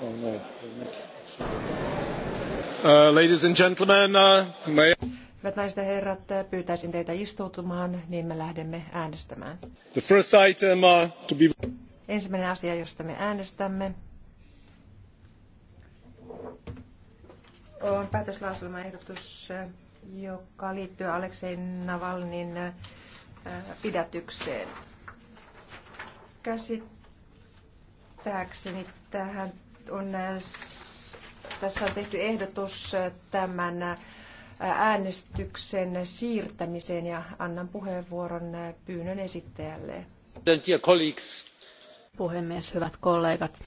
Uh, ladies and gentlemen, uh, may... Hyvät naiset ja herrat, pyytäisin teitä istuutumaan, niin me lähdemme äänestämään. The first item, uh, to be... Ensimmäinen asia, josta me äänestämme, on ehdotus, joka liittyy Aleksei Navalnin äh, pidätykseen. Käsittääkseni tähän on, äh, tässä on tehty ehdotus äh, tämän äh, äänestyksen siirtämiseen ja annan puheenvuoron pyynnön esittäjälle. Puhemies, hyvät kollegat.